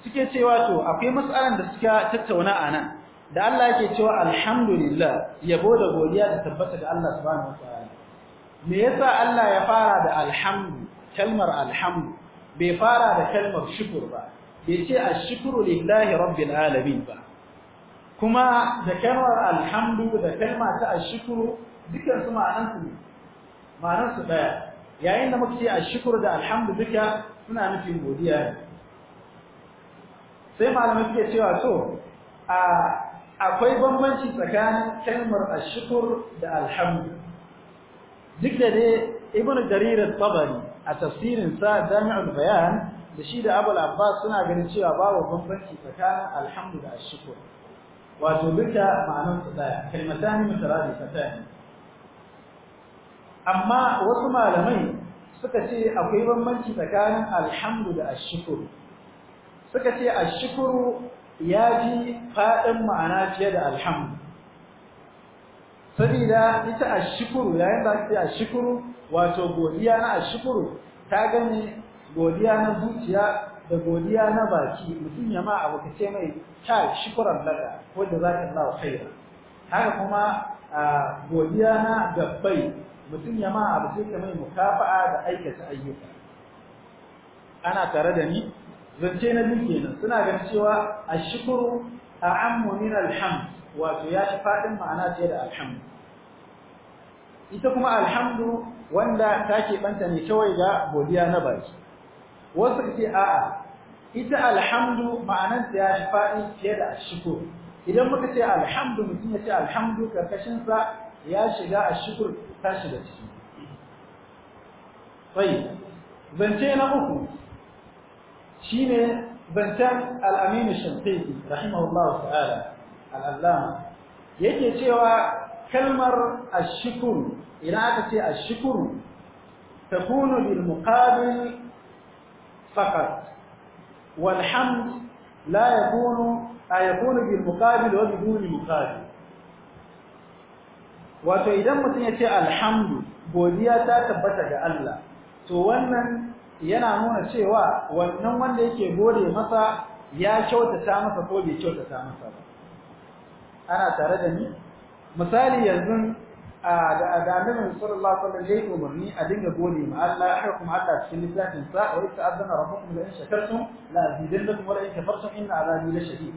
suke cewa to akwai mas'alan da suka tattauna a nan da Allah yake cewa alhamdulillah yabo da godiya da tabbata ga Allah subhanahu wataala me yasa Allah ya fara da alhamdu kalmar alhamdu bai fara da kalmar shukr ba bai ce ashkuru lillahi rabbil alamin ba kuma da kalmar alhamdu da kalma ta ashkuru dukan su ma'anan su ma'anan su daya yayin da muke ashkuru da alhamdu duka suna nufin godiya ne. sai malamai suke cewa to akwai bambanci tsakanin kalmar ashkur da alhamdu duk da dai ibn jarir at-tabari a tafsirin sa jami'ul bayan da shi da abul abbas suna ganin cewa babu bambanci tsakanin alhamdu da ashkur wato duka ma'anar su daya kalmatan mutaradifatani amma wasu malamai suka ce akwai bambanci tsakanin alhamdu da ashkur suka ce a shukuru ya ji faɗin ma'ana fiye da alhamdu sabida ita a shukuru, yayin da a shukuru, wato godiya na a shukuru ta gani godiya na zuciya da godiya na baki mutum ya ma abu kace mai ta shukran laka ko da zaka Allah khaira haka kuma godiya na gabbai mutum ya ma abu sai mai mukafa'a da aikata ayyuka ana tare da ni zance na biyu kenan suna ga cewa ashkuru a'ammu min alhamd wato ya shi fadin ma'ana ce da alhamd ita kuma alhamdu wanda take banta ne kawai ga godiya na baki wasu ce a'a ita alhamdu ma'anar ya shi fadi fiye da ashkur idan muka ce alhamdu mutum ya ce alhamdu karkashin sa ya shiga ashkur ta shiga ciki tayyib zance na uku shine zancan al-Amin Shafi'i rahimahullahu ta'ala al yake cewa kalmar ash-shukr idan aka ce ash-shukr takunu bil muqabil faqat wal hamd la yakunu ayakunu bil muqabil wa biduni muqabil wato idan mutum ya ce alhamdu godiya ta tabbata ga Allah to wannan yana nuna cewa wannan wanda yake gode masa ya kyautata masa ko bai kyautata masa ba ana tare da ni misali yanzu a da annabi sallallahu alaihi wasallam yayi umarni a dinga gode ma Allah hukum Allah cikin littafin sa wa idza azana rabbukum la in shakartum la azidannakum wa la in kafartum inna azabi lashadid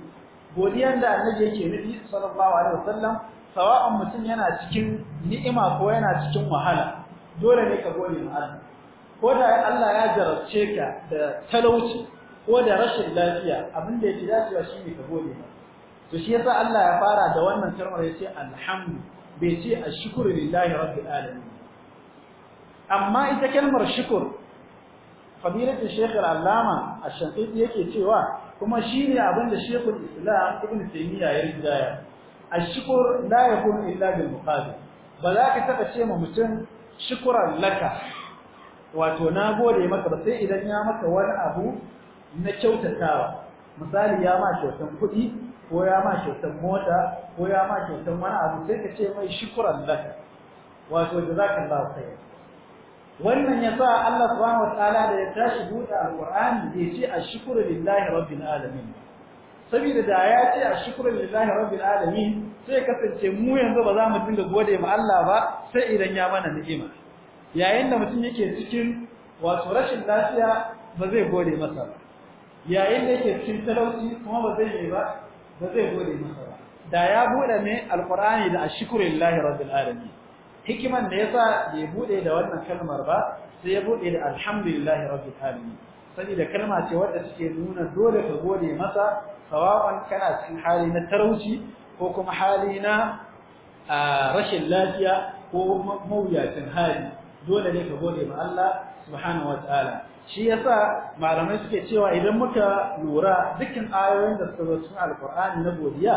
godiyan da annabi yake nufi sallallahu alaihi wasallam sawa'an mutum yana cikin ni'ima ko yana cikin wahala dole ne ka gode ma Allah ko da Allah ya jarabce ka da talauci ko da rashin lafiya abin da yake dacewa shine ka gode to shi yasa Allah ya fara da wannan tarmar yace alhamdu bai ce ashkuru lillahi rabbil alamin amma ita kalmar shukur, fadilatu shaykh al-allama ash yake cewa kuma shine abin da shaykh al-islam ibn taymiya ya rijaya ashkur la yakun illa bil muqabil ba za ka taba ce ma mutum shukran laka wato na gode maka ba sai idan ya maka wani abu na kyautatawa misali ya ma kyautan kuɗi ko ya ma kyautan mota ko ya ma kyautan wani abu sai ka ce mai shukran lak wato jazakallahu khair wannan ya sa Allah subhanahu ta'ala da ya tashi buɗe alqur'ani ya ce ashkuru lillahi rabbil alamin saboda da ya ce ashkuru lillahi rabbil alamin sai kasance mu yanzu ba za mu dinga gode ma Allah ba sai idan ya mana ni'ima yayin da mutum yake cikin wato rashin lafiya ba zai gode masa ba yayin da yake cikin talauci kuma ba zai yi ba ba zai gode masa ba da ya bude ne alqur'ani da ashkurillahi rabbil alamin hikiman da yasa bai bude da wannan kalmar ba sai ya bude da alhamdulillahi rabbil alamin saboda kalma ce wadda suke nuna dole ka gode masa sawawan kana cikin hali na talauci ko kuma hali na ah, rashin lafiya ko mawuyacin hali dole ne ka gode ma Allah subhanahu wataala shi yasa malamai suke cewa idan muka lura dukkan ayoyin da suka zo cikin alqur'ani na godiya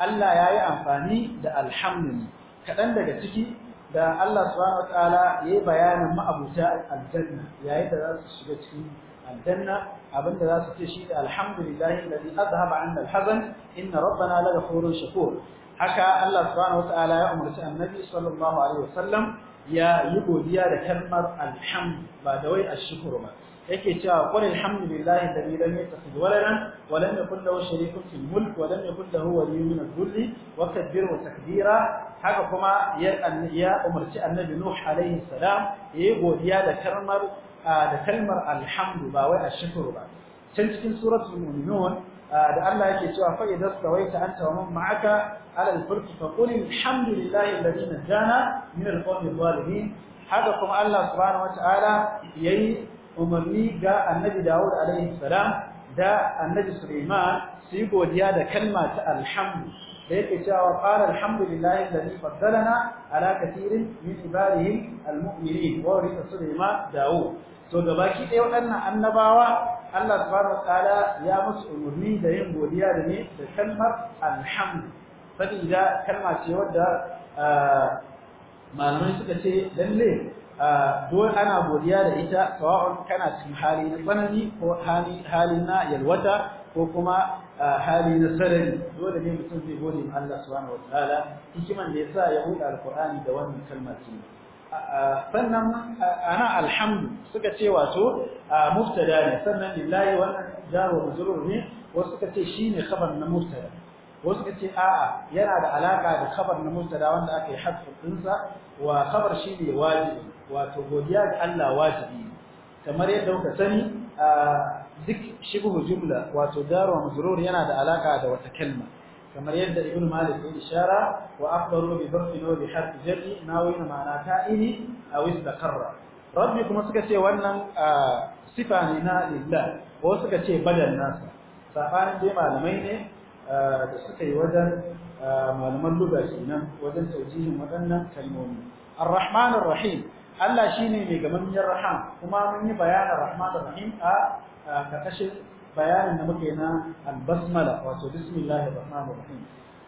Allah ya yi amfani da alhamdu kaɗan daga ciki da Allah subhanahu wataala ya yi bayanin ma'abuta aljanna yayin da za su shiga cikin aljanna abinda za su ce shi da alhamdulillahi alladhi azhaba 'anna alhazan inna rabbana laghafurun shakur haka Allah subhanahu wataala ya umarci annabi sallallahu alaihi wasallam ya yi godiya da kalmar alhamd ba da wai ashkuru ba yake cewa qul alhamdulillahi alladhi lam yattakhidh waladan wa lam yakul lahu sharikun fil mulk wa lam yakul lahu waliyyun min adh-dhulli wa takbira haka kuma ya umarci annabi nuh alaihi salam yayi godiya da kalmar da kalmar alhamdu ba wai ashkuru ba can cikin suratul mu'minun da Allah yake cewa fa idza sawaita anta wa man ma'aka ala al-fulki fa qul alhamdulillahi alladhi najjana min al-qawmi adh-dhalimin haka kuma Allah subhanahu wata'ala yayi umarni ga annabi Dawud alaihi salam da annabi Sulaiman su yi godiya da kalma ta alhamdu da yake cewa qala alhamdulillahi alladhi faddalana ala katirin min ibadihi almu'minin wa warisa Sulaiman Dawud to gabaki ɗaya waɗannan annabawa Allah subhanahu wataala ya musu umarni da yin godiya da ne da kalmar alhamdu da kalma ce wadda malamai suka ce lalle dole ana godiya da ita sawa'un kana cikin hali na tsanani ko hali hali na yalwata ko kuma hali na sarari dole ne mutum zai gode ma Allah subhanahu wataala hikiman da yasa ya buɗe alqur'ani da wannan kalmar ce sannan ana alhamdu suka ce wato mubtada ne sannan lillahi wannan jaru muzrur ne wasu suka ce shine khabar na mubtada wasu suka ce a'a yana da alaka da khabar na mubtada wanda aka yi hadfin dinsa wa khabar shine wajibi wato godiya ga Allah wajibi kamar yadda kuka sani duk shibhu jumla wato jaru muzrur yana da alaka da wata kalma kamar yadda ibn malik ya ishara wa akbaru bi dhammi wa bi harfi jar'i nawina ma'ana ta'ini aw istaqarra rabbi kuma suka ce wannan sifa ne na lillah ko suka ce badal nasa sabanin dai malamai ne da suka yi wajen malaman lugha kenan wajen taujihin wadannan kalmomi ar-rahman rahim Allah shine mai gamammiyar raham kuma mun yi bayanin rahman ar-rahim a kakashin bayanin da muke na albasmala wato bismillahir rahmanir rahim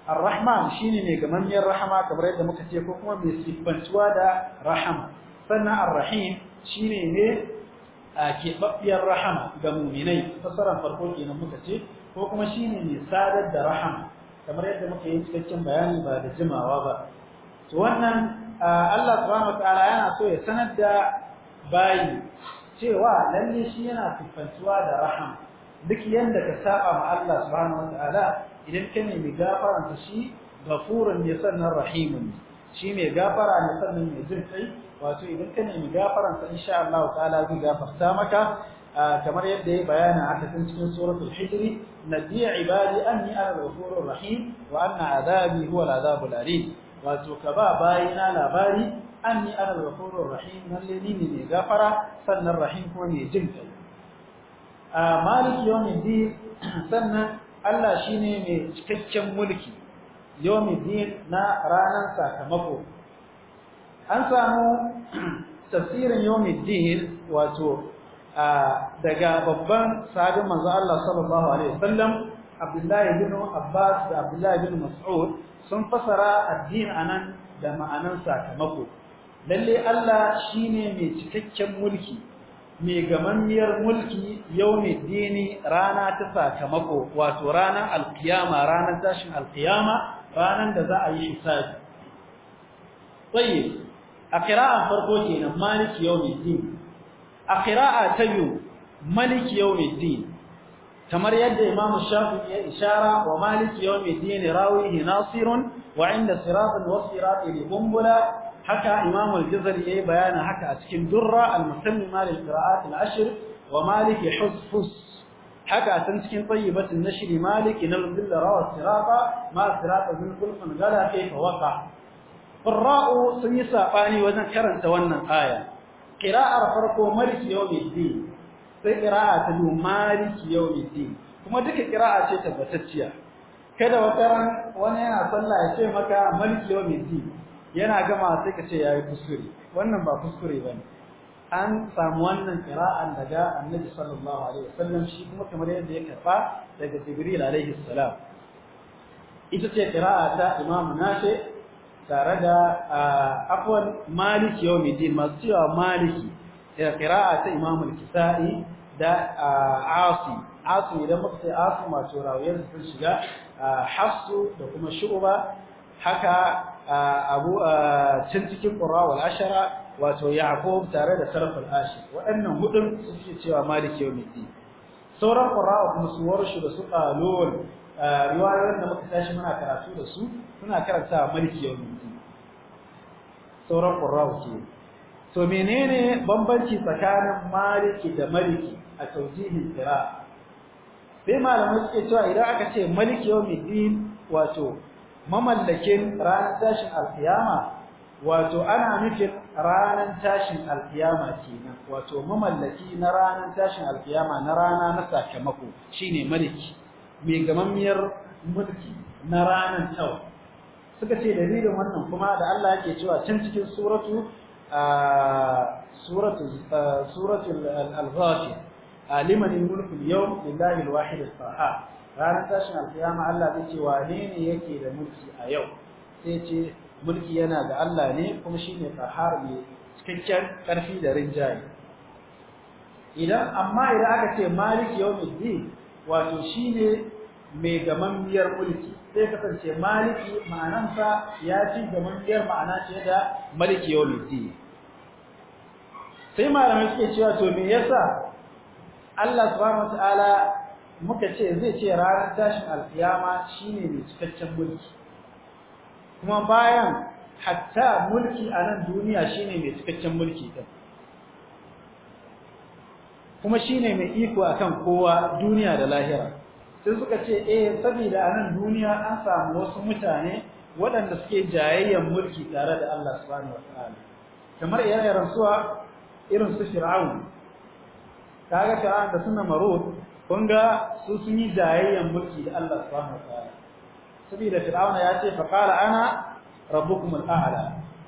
ar-rahman shine ne gamammiyar rahama kamar yadda muka ce ko kuma mai sifantuwa da rahama sannan ar-rahim shine ne a keɓaɓɓiyar rahama ga muminai fasaran farko kenan muka ce ko kuma shine ne sadar da rahama kamar yadda muka yi cikakken bayani ba da jimawa ba to wannan Allah subhanahu wataala yana so ya sanar da bayi cewa lalle shi yana sifantuwa da rahama duk yanda ka saba ma Allah subhanahu wataala idan ka nemi gafaran ta shi gafurun ne sannan rahimun shi mai gafara ne sannan mai jin kai wato idan ka nemi gafaran sa insha Allah ta'ala zai gafarta maka kamar yadda ya bayana a cikin cikin suratul hijri nadi ibadi anni ana ghafurur rahim wa anna azabi huwa al-azabul alim wato ka ba bayina labari anni ana ghafurur rahim lalle ni ne gafara sannan rahim kuma ne jin kai maliki yawmin din sannan Allah shine mai cikakken mulki yawmin din na ranar sakamako an samu tafsirin yawmin din wato daga babban sahabin manzo Allah sallallahu alaihi wasallam Abdullah ibn Abbas da Abdullah bin Mas'ud sun fasara addin anan da ma'anan sakamako lalle Allah shine mai cikakken mulki mai gamammiyar mulki yaumi dini rana ta sakamako wato ranar alkiyama ranar tashin alkiyama ranar da za a yi hisabi tsaye a kira'a farko kenan maliki yaumi din a kira'a ta biyu maliki yaumi din kamar yadda imamu shafi'i ya ishara wa maliki yawmi dini rawihi nasirun wainda inda siratun wa sirati li bumbula haka imam al-jazari yi bayani haka a cikin durra al-musamma lil qira'at al wa malik husfus haka san cikin tayyibat an-nashr malik nal dhilla rawa sirata ma sirata min kulfan gala kayfa waqa qira'u sun yi sabani wajen karanta wannan aya Ƙira'ar farko malik yawmiddin sai ƙira'a ta biyu malik yawmiddin kuma duka ƙira'a ce tabbatacciya kada wata wani yana sallah ya ce maka malik yawmiddin yana gama sai ka ce yi kuskure wannan ba kuskure ba ne, an samu wannan kira'an daga annabi sallallahu alaihi wasallam shi kuma kamar yadda ya karba daga jibril alaihi salam ita ce kira'a ta imam nashe tare da afwan malik din masu cewa maliki kira'a eh, ta imam al-kisa'i da asi asi idan muka ce asi masu rawayar sun shiga hafsu da kuma shu'ba haka abu cin cikin ƙurawar ashara wato yaqub tare da sarf al ashir waɗannan hudun suke cewa malik yawmiddin sauran qura kuma su warshu da su qalun riwayoyin da muka tashi muna karatu da su suna karanta maliki yawmiddin sauran qura ke to menene bambanci tsakanin maliki da maliki a tawjihin qira sai malamu suke cewa idan aka ce maliki yawmiddin wato mamallakin ranar tashin alkiyama wato ana nufin ranar tashin alkiyama kenan wato mamallaki na ranar tashin alkiyama na rana na sakamako shine maliki mai gamammiyar mulki na ranar tawa suka ce dalilin wannan kuma da Allah yake cewa can cikin suratu suratu suratul al-ghafir liman mulku al-yawm lillahi al-wahid al-qahhar ranar tashin alkiyama Allah zai ce wane ne yake da mulki a yau sai ce mulki yana da Allah ne kuma ne fahar mai cikakken karfi da rinjaye idan amma idan aka ce maliki yau mai yawmiddin wato shi shine mai biyar mulki sai kasance maliki ma'anansa ya ci biyar ma'ana ce da maliki yau yawmiddin sai malamai suke cewa to me yasa Allah subhanahu ta'ala muka ce zai ce ranar tashin alkiyama shine mai cikakken mulki kuma bayan hatta mulki a nan duniya shine mai cikakken mulki din kuma shine mai iko a kan kowa duniya da lahira sai suka ce eh saboda a nan duniya an samu wasu mutane waɗanda suke jayayyen mulki tare da Allah subhanahu wataala kamar iyayen rantsuwa irin su Fir'aun kaga Fir'aun da suna Marut kun ga su sun yi jayayyan mulki da Allah subhanahu wataala saboda fir'auna ya ce fa qala ana rabbukum al-a'la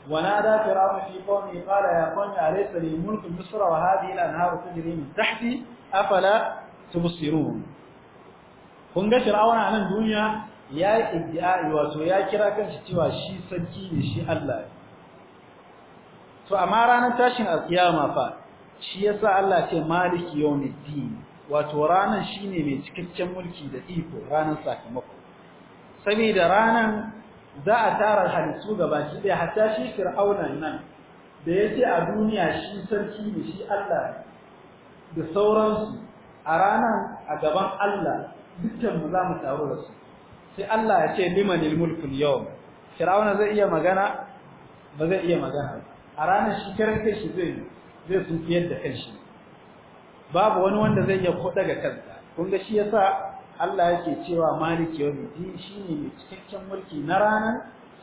wa nada fir'auna fi qawmi qala ya qawmi alaysa li mulku misr wa hadhihi al-anharu tajri min tahti afala tubsirun kun ga fir'auna a nan duniya ya yi iddi'ai wato ya kira kanshi cewa shi sarki ne shi Allah ne to amma ranar tashin alkiyama fa shi yasa Allah ce maliki yawmiddin wato ranan shine mai cikakken mulki da iko ranan sakamako saboda ranan za a tara halittu gabaki daya hatta shi fir'auna nan da yake a duniya shi sarki ne shi Allah da sauransu a ranan a gaban Allah dukkan mu za mu taro da su sai Allah ya ce limanil mulkul yawm fir'auna zai iya magana ba zai iya magana a ranar shi karan kai shi zai zai sun fiyar da kanshi babu wani wanda zai iya kuɗa ga kansa kun ga shi yasa Allah yake cewa maliki shi shine mai cikakken mulki na ranan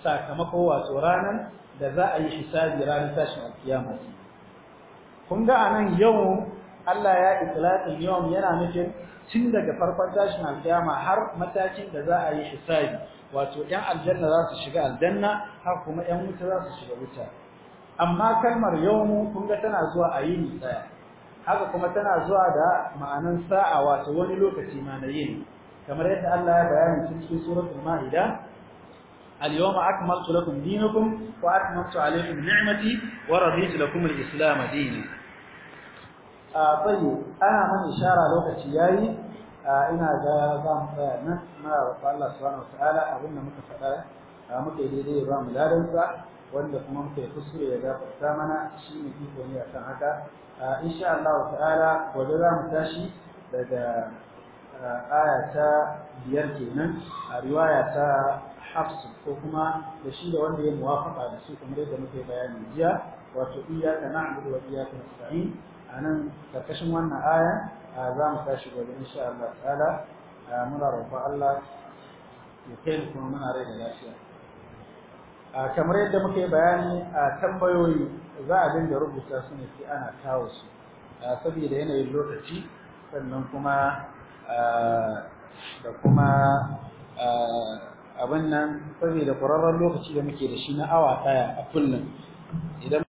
sakamako wato ranan da za a yi hisabi ranar tashin alkiyama kun ga anan yau Allah ya itlaqin yawan yana nufin tun daga farkon tashin alkiyama har matakin da za a yi hisabi wato 'yan aljanna za su shiga aljanna har kuma 'yan wuta za su shiga wuta amma kalmar yawm kun ga tana zuwa a yini tsaya haka kuma tana zuwa da ma'anan sa'a wato wani lokaci ma na yini kamar yadda Allah ya bayani cikin suratul maida اليوم أكملت لكم دينكم وأتممت عليكم نعمتي ورضيت لكم الإسلام A طيب أنا mun ishara lokaci yayi. ina ga za mu tsaya nan na roƙo Allah subhanahu wataala abin da muka faɗa muke daidai ba mu ladansa wanda kuma muke kuskure ya gafarta mana shi ne iko ne akan haka insha Allah ta'ala gobe za mu tashi daga ayata biyar kenan a riwaya ta ko kuma da shi da wanda ya muwafaka da su kamar yadda muke bayani jiya wato iyyaka na'budu wa iyyaka nasta'in anan karkashin wannan aya za mu tashi gobe insha Allah ta'ala muna roƙon Allah ya kai kuma muna rai da lafiya kamar yadda muke bayani a tambayoyi za a dinga rubuta su ne sai ana kawo su saboda yanayin lokaci sannan kuma da kuma abin nan saboda ƙwararren lokaci da muke da shi na awa ɗaya a kullum